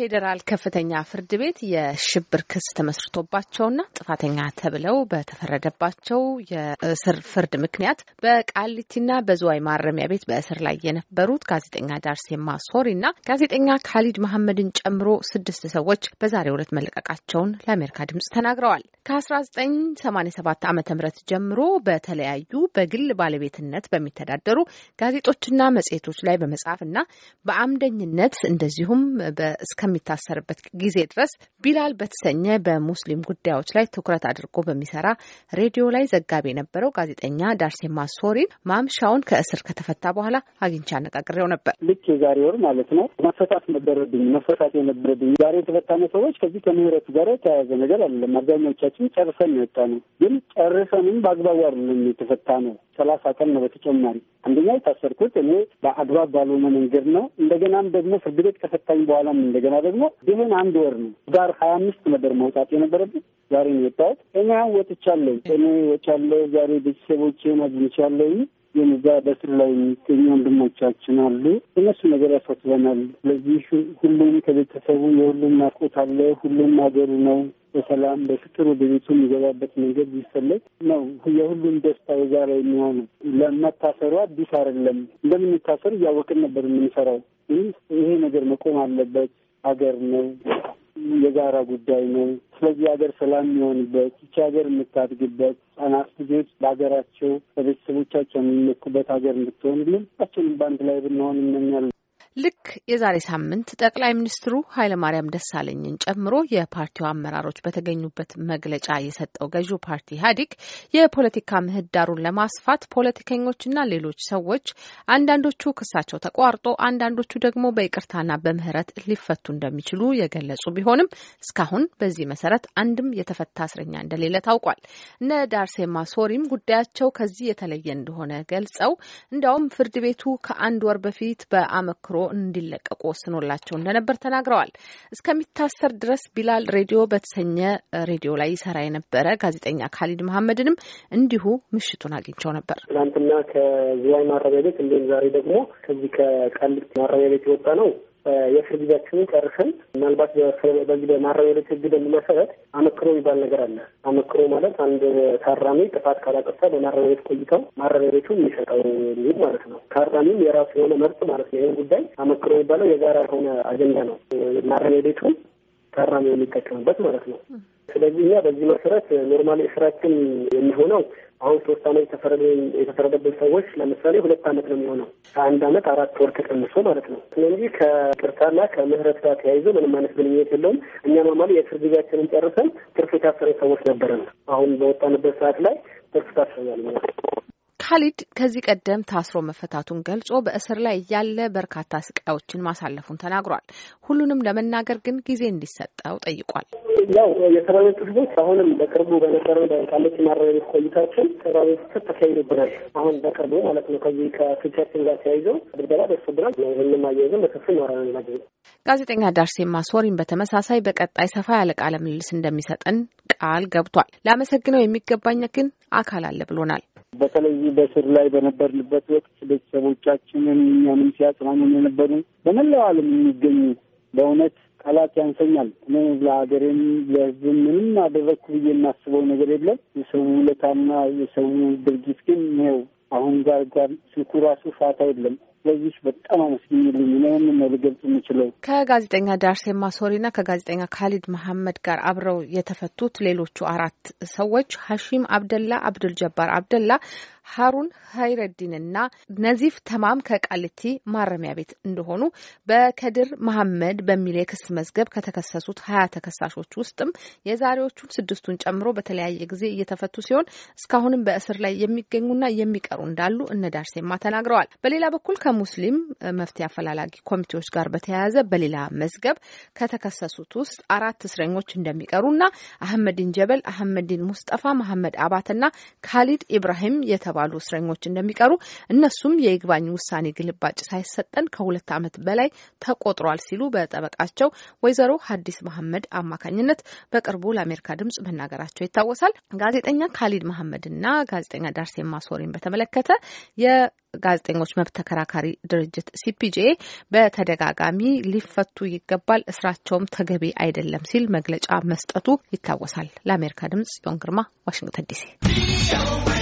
ፌዴራል ከፍተኛ ፍርድ ቤት የሽብር ክስ ተመስርቶባቸውና ጥፋተኛ ተብለው በተፈረደባቸው የእስር ፍርድ ምክንያት በቃሊቲና በዝዋይ ማረሚያ ቤት በእስር ላይ የነበሩት ጋዜጠኛ ዳርሴማ ሶሪና ጋዜጠኛ ካሊድ መሐመድን ጨምሮ ስድስት ሰዎች በዛሬው ዕለት መለቀቃቸውን ለአሜሪካ ድምጽ ተናግረዋል። ከ1987 ዓ ም ጀምሮ በተለያዩ በግል ባለቤትነት በሚተዳደሩ ጋዜጦችና መጽሔቶች ላይ በመጻፍ በአምደኝነት እንደዚሁም እስከሚታሰርበት ጊዜ ድረስ ቢላል በተሰኘ በሙስሊም ጉዳዮች ላይ ትኩረት አድርጎ በሚሰራ ሬዲዮ ላይ ዘጋቢ የነበረው ጋዜጠኛ ዳርሴማ ሶሪን ማምሻውን ከእስር ከተፈታ በኋላ አግኝቼ አነጋግሬው ነበር። ልክ የዛሬ ወር ማለት ነው መፈታት ነበረብኝ መፈታት የነበረብኝ ዛሬ የተፈታነ ሰዎች ከዚህ ከምህረቱ ጋር የተያያዘ ነገር አለም አብዛኛው ሁላችን ጨርሰን የወጣ ነው። ግን ጨርሰንም በአግባቡ አይደለም የተፈታ ነው። ሰላሳ ቀን ነው በተጨማሪ። አንደኛ የታሰርኩት እኔ በአግባብ ባልሆነ መንገድ ነው። እንደገናም ደግሞ ፍርድ ቤት ከፈታኝ በኋላም እንደገና ደግሞ ይህን አንድ ወር ነው ጋር ሀያ አምስት ነበር መውጣት የነበረብኝ ዛሬ ነው የወጣሁት። እኔ ወጥቻለሁ። እኔ ወጫለሁ። ዛሬ ቤተሰቦቼን አግኝቻለሁ። ግን እዛ በስር ላይ የሚገኙ ወንድሞቻችን አሉ። እነሱ ነገር ያሳስበናል። ስለዚህ ሁሉም ከቤተሰቡ የሁሉም ናፍቆት አለ። ሁሉም ሀገሩ ነው በሰላም በፍቅር ወደ ቤቱ የሚገባበት መንገድ ቢፈለግ ነው የሁሉም ደስታ የጋራ የሚሆኑ። ለመታሰሩ አዲስ አይደለም። እንደምንታሰሩ እያወቅን ነበር የምንሰራው። ይህ ይሄ ነገር መቆም አለበት። ሀገር ነው የጋራ ጉዳይ ነው። ስለዚህ ሀገር ሰላም የሚሆንበት ይቺ ሀገር የምታድግበት ህጻናት ልጆች በሀገራቸው በቤተሰቦቻቸው የሚመኩበት ሀገር ግን ሁላችንም በአንድ ላይ ብንሆን እመኛለሁ። ልክ የዛሬ ሳምንት ጠቅላይ ሚኒስትሩ ኃይለማርያም ደሳለኝን ጨምሮ የፓርቲው አመራሮች በተገኙበት መግለጫ የሰጠው ገዢው ፓርቲ ኢህአዴግ የፖለቲካ ምህዳሩን ለማስፋት ፖለቲከኞችና ሌሎች ሰዎች አንዳንዶቹ ክሳቸው ተቋርጦ አንዳንዶቹ ደግሞ በይቅርታና በምህረት ሊፈቱ እንደሚችሉ የገለጹ ቢሆንም እስካሁን በዚህ መሰረት አንድም የተፈታ እስረኛ እንደሌለ ታውቋል። እነ ዳርሴማ ሶሪም ጉዳያቸው ከዚህ የተለየ እንደሆነ ገልጸው እንዲያውም ፍርድ ቤቱ ከአንድ ወር በፊት በአመክሮ እንዲለቀቁ ወስኖላቸው እንደነበር ተናግረዋል። እስከሚታሰር ድረስ ቢላል ሬዲዮ በተሰኘ ሬዲዮ ላይ ይሰራ የነበረ ጋዜጠኛ ካሊድ መሐመድንም እንዲሁ ምሽቱን አግኝቸው ነበር። ትናንትና ከዝዋይ ማረሚያ ቤት እንዲሁም ዛሬ ደግሞ ከዚህ ከቃሊቲ ማረሚያ ቤት የወጣ ነው የፍርድ ጊዜያችንን ጨርሰን ምናልባት በዚህ በማረሚያ ቤት ሕግ ደንብ መሰረት አመክሮ የሚባል ነገር አለ። አመክሮ ማለት አንድ ታራሚ ጥፋት ካላጠፋ በማረሚያ ቤት ቆይተው ማረሚያ ቤቱ የሚሰጠው የሚል ማለት ነው። ታራሚም የራሱ የሆነ መርጥ ማለት ነው። ይህን ጉዳይ አመክሮ የሚባለው የጋራ የሆነ አጀንዳ ነው ማረሚያ ቤቱ ታራሚ የሚጠቀምበት ማለት ነው። ስለዚህ እኛ በዚህ መሰረት ኖርማሊ እስራችን የሚሆነው አሁን ሶስት አመት የተፈረደብን ሰዎች ለምሳሌ ሁለት አመት ነው የሚሆነው ከአንድ አመት አራት ወር ተቀንሶ ማለት ነው። ስለዚህ ከቅርታና ከምህረት ጋር ተያይዞ ምንም አይነት ግንኙነት የለውም። እኛ ኖርማሊ የእስር ጊዜያችንን ጨርሰን ትርፍ የታሰረ ሰዎች ነበረን። አሁን በወጣንበት ሰዓት ላይ ትርፍ ነው። ካሊድ ከዚህ ቀደም ታስሮ መፈታቱን ገልጾ በእስር ላይ እያለ በርካታ ስቃዮችን ማሳለፉን ተናግሯል። ሁሉንም ለመናገር ግን ጊዜ እንዲሰጠው ጠይቋል። ያው የሰብአዊ መብት ህጎች አሁንም በቅርቡ በነበረው በቃሊቲ ማረሚያ ቤት ቆይታችን ሰብአዊ መብት ተካሂዶብናል። አሁን በቅርቡ ማለት ነው። ከዚህ ከፊቻችን ጋር ተያይዘው ድብደባ ደርሶብናል። ይህንም አያይዘን በሰፊ ማረሚያ ናገ ጋዜጠኛ ዳርሴማ ሶሪን በተመሳሳይ በቀጣይ ሰፋ ያለ ቃለ ምልልስ እንደሚሰጠን ቃል ገብቷል። ላመሰግነው የሚገባኝ ግን አካል አለ ብሎናል። በተለይ በስር ላይ በነበርንበት ወቅት ቤተሰቦቻችንን እኛንም ሲያጽናኑን የነበሩ በመላው ዓለም የሚገኙ በእውነት ቃላት ያንሰኛል። እኔ ለሀገሬም ለሕዝብም ምንም አደረግኩ ብዬ የማስበው ነገር የለም። የሰው ውለታና የሰው ድርጊት ግን ይኸው አሁን ጋር ጋር ስልኩ ራሱ ፋታ የለም። ስለዚህ በጣም አመስግኝልኝ ይህን ነው ልገልጽ የምችለው። ከጋዜጠኛ ዳርሴ ማሶሪ ሶሪና ከጋዜጠኛ ካሊድ መሐመድ ጋር አብረው የተፈቱት ሌሎቹ አራት ሰዎች ሀሺም አብደላ፣ አብዱል ጀባር አብደላ፣ ሀሩን ሀይረዲንና ነዚፍ ተማም ከቃሊቲ ማረሚያ ቤት እንደሆኑ በከድር መሐመድ በሚል የክስ መዝገብ ከተከሰሱት ሀያ ተከሳሾች ውስጥም የዛሬዎቹን ስድስቱን ጨምሮ በተለያየ ጊዜ እየተፈቱ ሲሆን እስካሁንም በእስር ላይ የሚገኙና የሚቀሩ እንዳሉ እነ ዳርሴማ ተናግረዋል። በሌላ በኩል ከሙስሊም መፍትሄ አፈላላጊ ኮሚቴዎች ጋር በተያያዘ በሌላ መዝገብ ከተከሰሱት ውስጥ አራት እስረኞች እንደሚቀሩና አህመዲን ጀበል፣ አህመዲን ሙስጠፋ፣ መሐመድ አባትና ካሊድ ኢብራሂም የተባ የተባሉ እስረኞች እንደሚቀሩ እነሱም የይግባኝ ውሳኔ ግልባጭ ሳይሰጠን ከሁለት ዓመት በላይ ተቆጥሯል ሲሉ በጠበቃቸው ወይዘሮ ሀዲስ መሐመድ አማካኝነት በቅርቡ ለአሜሪካ ድምጽ መናገራቸው ይታወሳል። ጋዜጠኛ ካሊድ መሐመድና ጋዜጠኛ ዳርሴ ማሶሪን በተመለከተ ጋዜጠኞች መብት ተከራካሪ ድርጅት ሲፒጄ በተደጋጋሚ ሊፈቱ ይገባል፣ እስራቸውም ተገቢ አይደለም ሲል መግለጫ መስጠቱ ይታወሳል። ለአሜሪካ ድምጽ ጽዮን ግርማ ዋሽንግተን ዲሲ